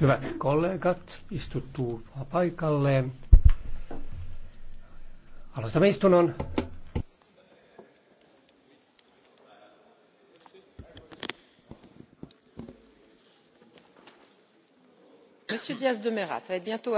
Hyvät kollegat, istuttuu paikalleen. Aloitamme istunnon. Monsieur Diaz de Mera, ça va être bientôt